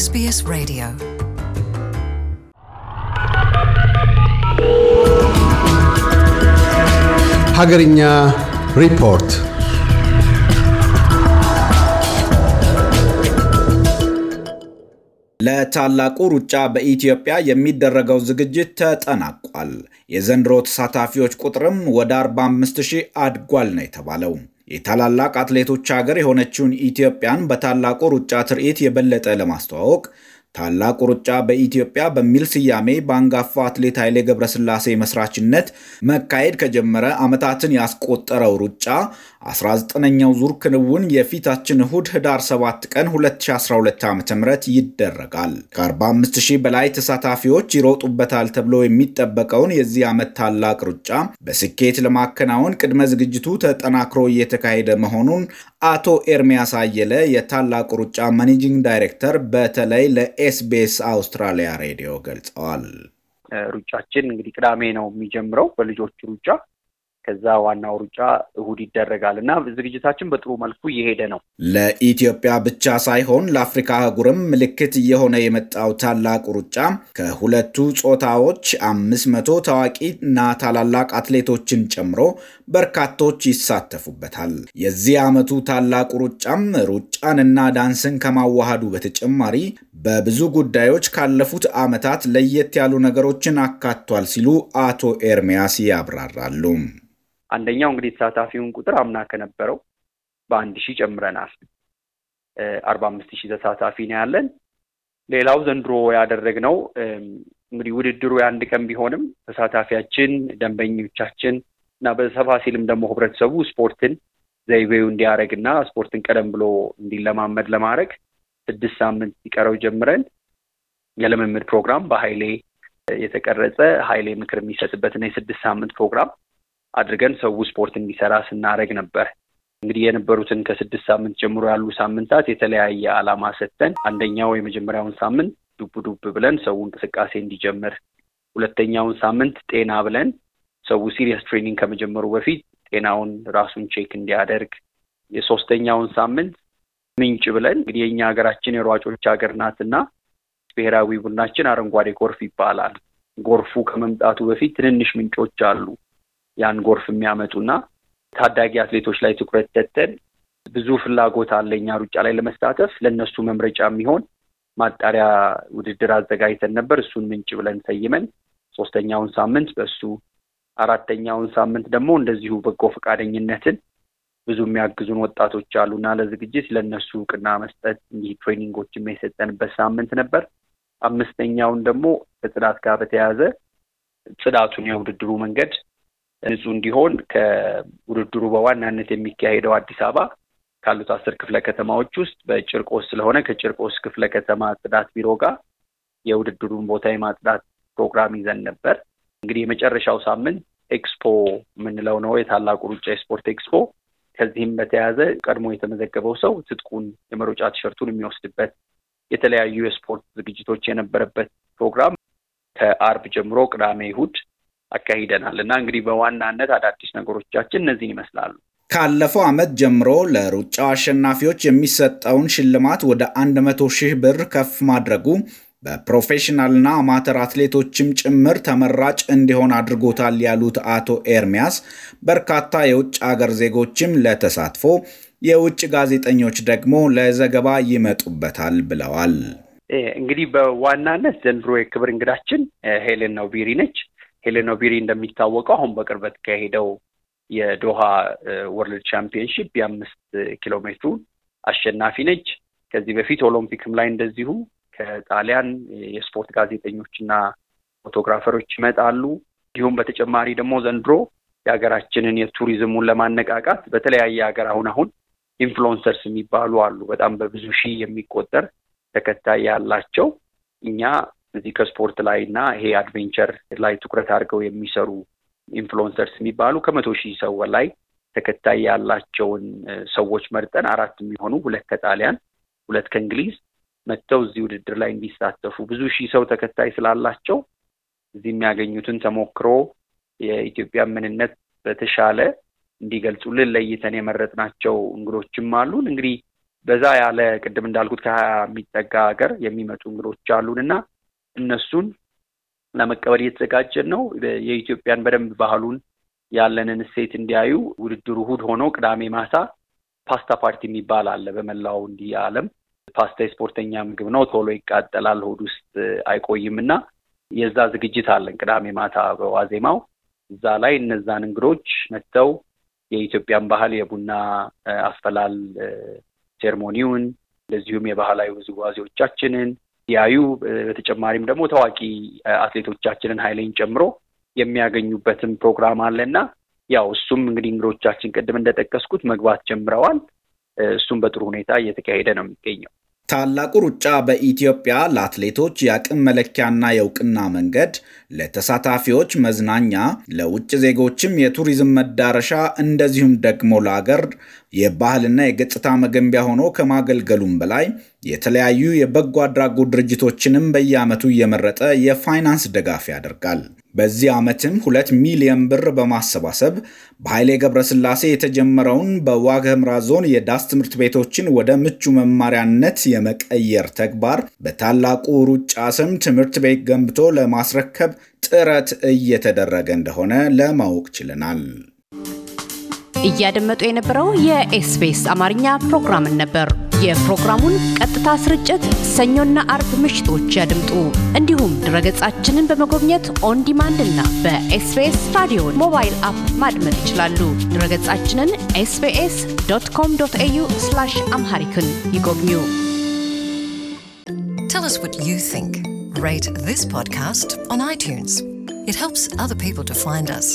ኤስቢኤስ Radio. ሀገርኛ ሪፖርት ለታላቁ ሩጫ በኢትዮጵያ የሚደረገው ዝግጅት ተጠናቋል። የዘንድሮ ተሳታፊዎች ቁጥርም ወደ 45 ሺህ አድጓል ነው የተባለው። የታላላቅ አትሌቶች ሀገር የሆነችውን ኢትዮጵያን በታላቁ ሩጫ ትርኢት የበለጠ ለማስተዋወቅ ታላቁ ሩጫ በኢትዮጵያ በሚል ስያሜ በአንጋፋ አትሌት ኃይሌ ገብረስላሴ መስራችነት መካሄድ ከጀመረ ዓመታትን ያስቆጠረው ሩጫ 19ኛው ዙር ክንውን የፊታችን እሁድ ህዳር 7 ቀን 2012 ዓ ም ይደረጋል። ከ45 ሺህ በላይ ተሳታፊዎች ይሮጡበታል ተብሎ የሚጠበቀውን የዚህ ዓመት ታላቅ ሩጫ በስኬት ለማከናወን ቅድመ ዝግጅቱ ተጠናክሮ እየተካሄደ መሆኑን አቶ ኤርሚያስ አየለ የታላቁ ሩጫ ማኔጂንግ ዳይሬክተር በተለይ ለኤስቢኤስ አውስትራሊያ ሬዲዮ ገልጸዋል። ሩጫችን እንግዲህ ቅዳሜ ነው የሚጀምረው በልጆቹ ሩጫ ከዛ ዋናው ሩጫ እሁድ ይደረጋል እና ዝግጅታችን በጥሩ መልኩ እየሄደ ነው። ለኢትዮጵያ ብቻ ሳይሆን ለአፍሪካ አህጉርም ምልክት እየሆነ የመጣው ታላቁ ሩጫ ከሁለቱ ጾታዎች አምስት መቶ ታዋቂ እና ታላላቅ አትሌቶችን ጨምሮ በርካቶች ይሳተፉበታል። የዚህ ዓመቱ ታላቁ ሩጫም ሩጫንና ዳንስን ከማዋሃዱ በተጨማሪ በብዙ ጉዳዮች ካለፉት ዓመታት ለየት ያሉ ነገሮችን አካቷል ሲሉ አቶ ኤርሚያስ ያብራራሉ። አንደኛው እንግዲህ የተሳታፊውን ቁጥር አምና ከነበረው በአንድ ሺህ ጨምረናል። አርባ አምስት ሺህ ተሳታፊ ነው ያለን። ሌላው ዘንድሮ ያደረግነው እንግዲህ ውድድሩ የአንድ ቀን ቢሆንም ተሳታፊያችን፣ ደንበኞቻችን እና በሰፋ ሲልም ደግሞ ህብረተሰቡ ስፖርትን ዘይቤው እንዲያደረግ እና ስፖርትን ቀደም ብሎ እንዲለማመድ ለማድረግ ስድስት ሳምንት ሲቀረው ጀምረን የልምምድ ፕሮግራም በሀይሌ የተቀረጸ ሀይሌ ምክር የሚሰጥበትና የስድስት ሳምንት ፕሮግራም አድርገን ሰው ስፖርት እንዲሰራ ስናደረግ ነበር። እንግዲህ የነበሩትን ከስድስት ሳምንት ጀምሮ ያሉ ሳምንታት የተለያየ አላማ ሰጥተን፣ አንደኛው የመጀመሪያውን ሳምንት ዱብ ዱብ ብለን ሰው እንቅስቃሴ እንዲጀምር፣ ሁለተኛውን ሳምንት ጤና ብለን ሰው ሲሪየስ ትሬኒንግ ከመጀመሩ በፊት ጤናውን ራሱን ቼክ እንዲያደርግ፣ የሶስተኛውን ሳምንት ምንጭ ብለን እንግዲህ የእኛ ሀገራችን የሯጮች ሀገር ናትና ብሔራዊ ቡድናችን አረንጓዴ ጎርፍ ይባላል። ጎርፉ ከመምጣቱ በፊት ትንንሽ ምንጮች አሉ ያን ጎርፍ የሚያመጡና ታዳጊ አትሌቶች ላይ ትኩረት ሰጥተን ብዙ ፍላጎት አለ እኛ ሩጫ ላይ ለመሳተፍ ለእነሱ መምረጫ የሚሆን ማጣሪያ ውድድር አዘጋጅተን ነበር። እሱን ምንጭ ብለን ሰይመን ሶስተኛውን ሳምንት በሱ አራተኛውን ሳምንት ደግሞ እንደዚሁ በጎ ፈቃደኝነትን ብዙ የሚያግዙን ወጣቶች እና ለዝግጅት ለእነሱ እውቅና መስጠት እንዲህ ትሬኒንጎችም የሰጠንበት ሳምንት ነበር። አምስተኛውን ደግሞ ከጽዳት ጋር በተያያዘ ጽዳቱን የውድድሩ መንገድ ንጹህ እንዲሆን ከውድድሩ በዋናነት የሚካሄደው አዲስ አበባ ካሉት አስር ክፍለ ከተማዎች ውስጥ በጭርቆስ ስለሆነ ከጭርቆስ ክፍለ ከተማ ጽዳት ቢሮ ጋር የውድድሩን ቦታ የማጽዳት ፕሮግራም ይዘን ነበር። እንግዲህ የመጨረሻው ሳምንት ኤክስፖ የምንለው ነው። የታላቁ ሩጫ የስፖርት ኤክስፖ ከዚህም በተያያዘ ቀድሞ የተመዘገበው ሰው ትጥቁን የመሮጫ ቲሸርቱን የሚወስድበት የተለያዩ የስፖርት ዝግጅቶች የነበረበት ፕሮግራም ከአርብ ጀምሮ ቅዳሜ፣ ይሁድ አካሂደናል እና እንግዲህ በዋናነት አዳዲስ ነገሮቻችን እነዚህን ይመስላሉ። ካለፈው ዓመት ጀምሮ ለሩጫው አሸናፊዎች የሚሰጠውን ሽልማት ወደ አንድ መቶ ሺህ ብር ከፍ ማድረጉ በፕሮፌሽናልና አማተር አትሌቶችም ጭምር ተመራጭ እንዲሆን አድርጎታል ያሉት አቶ ኤርሚያስ በርካታ የውጭ አገር ዜጎችም ለተሳትፎ የውጭ ጋዜጠኞች ደግሞ ለዘገባ ይመጡበታል ብለዋል። እንግዲህ በዋናነት ዘንድሮ የክብር እንግዳችን ሄሌን ኦቢሪ ነች። ሄሌን ኦቢሪ እንደሚታወቀው አሁን በቅርበት ከሄደው የዶሃ ወርልድ ቻምፒየንሺፕ የአምስት ኪሎ ሜትሩን አሸናፊ ነች። ከዚህ በፊት ኦሎምፒክም ላይ እንደዚሁ ከጣሊያን የስፖርት ጋዜጠኞችና ፎቶግራፈሮች ይመጣሉ። እንዲሁም በተጨማሪ ደግሞ ዘንድሮ የሀገራችንን የቱሪዝሙን ለማነቃቃት በተለያየ ሀገር አሁን አሁን ኢንፍሉንሰርስ የሚባሉ አሉ። በጣም በብዙ ሺህ የሚቆጠር ተከታይ ያላቸው እኛ እዚህ ከስፖርት ላይ እና ይሄ አድቬንቸር ላይ ትኩረት አድርገው የሚሰሩ ኢንፍሉንሰርስ የሚባሉ ከመቶ ሺህ ሰው ላይ ተከታይ ያላቸውን ሰዎች መርጠን አራት የሚሆኑ ሁለት ከጣሊያን፣ ሁለት ከእንግሊዝ፣ መጥተው እዚህ ውድድር ላይ እንዲሳተፉ ብዙ ሺህ ሰው ተከታይ ስላላቸው እዚህ የሚያገኙትን ተሞክሮ የኢትዮጵያ ምንነት በተሻለ እንዲገልጹልን ለይተን የመረጥናቸው እንግዶችም አሉን። እንግዲህ በዛ ያለ ቅድም እንዳልኩት ከሀያ የሚጠጋ ሀገር የሚመጡ እንግዶች አሉን እና እነሱን ለመቀበል እየተዘጋጀን ነው። የኢትዮጵያን በደንብ ባህሉን ያለንን እሴት እንዲያዩ ውድድሩ እሑድ ሆኖ ቅዳሜ ማታ ፓስታ ፓርቲ የሚባል አለ በመላው እንዲህ ዓለም ፓስታ የስፖርተኛ ምግብ ነው፣ ቶሎ ይቃጠላል፣ ሆድ ውስጥ አይቆይም እና የዛ ዝግጅት አለን ቅዳሜ ማታ በዋዜማው እዛ ላይ እነዛን እንግዶች መጥተው የኢትዮጵያን ባህል የቡና አፈላል ሴርሞኒውን እንደዚሁም የባህላዊ ውዝዋዜዎቻችንን ያዩ። በተጨማሪም ደግሞ ታዋቂ አትሌቶቻችንን ኃይሌን ጨምሮ የሚያገኙበትም ፕሮግራም አለና ያው እሱም እንግዲህ እንግዶቻችን ቅድም እንደጠቀስኩት መግባት ጀምረዋል። እሱም በጥሩ ሁኔታ እየተካሄደ ነው የሚገኘው። ታላቁ ሩጫ በኢትዮጵያ ለአትሌቶች የአቅም መለኪያና የእውቅና መንገድ፣ ለተሳታፊዎች መዝናኛ፣ ለውጭ ዜጎችም የቱሪዝም መዳረሻ እንደዚሁም ደግሞ ለአገር የባህልና የገጽታ መገንቢያ ሆኖ ከማገልገሉም በላይ የተለያዩ የበጎ አድራጎት ድርጅቶችንም በየዓመቱ እየመረጠ የፋይናንስ ድጋፍ ያደርጋል። በዚህ ዓመትም ሁለት ሚሊዮን ብር በማሰባሰብ በኃይሌ ገብረስላሴ የተጀመረውን በዋግኽምራ ዞን የዳስ ትምህርት ቤቶችን ወደ ምቹ መማሪያነት የመቀየር ተግባር በታላቁ ሩጫ ስም ትምህርት ቤት ገንብቶ ለማስረከብ ጥረት እየተደረገ እንደሆነ ለማወቅ ችለናል። እያደመጡ የነበረው የኤስቢኤስ አማርኛ ፕሮግራምን ነበር። የፕሮግራሙን ቀጥታ ስርጭት ሰኞና አርብ ምሽቶች ያድምጡ። እንዲሁም ድረገጻችንን በመጎብኘት ኦን ዲማንድ እና በኤስቢኤስ ራዲዮ ሞባይል አፕ ማድመጥ ይችላሉ። ድረገጻችንን ኤስቢኤስ ዶት ኮም ዶት ኤዩ አምሃሪክን ይጎብኙ። Tell us what you think. Rate this podcast on iTunes. It helps other people to find us.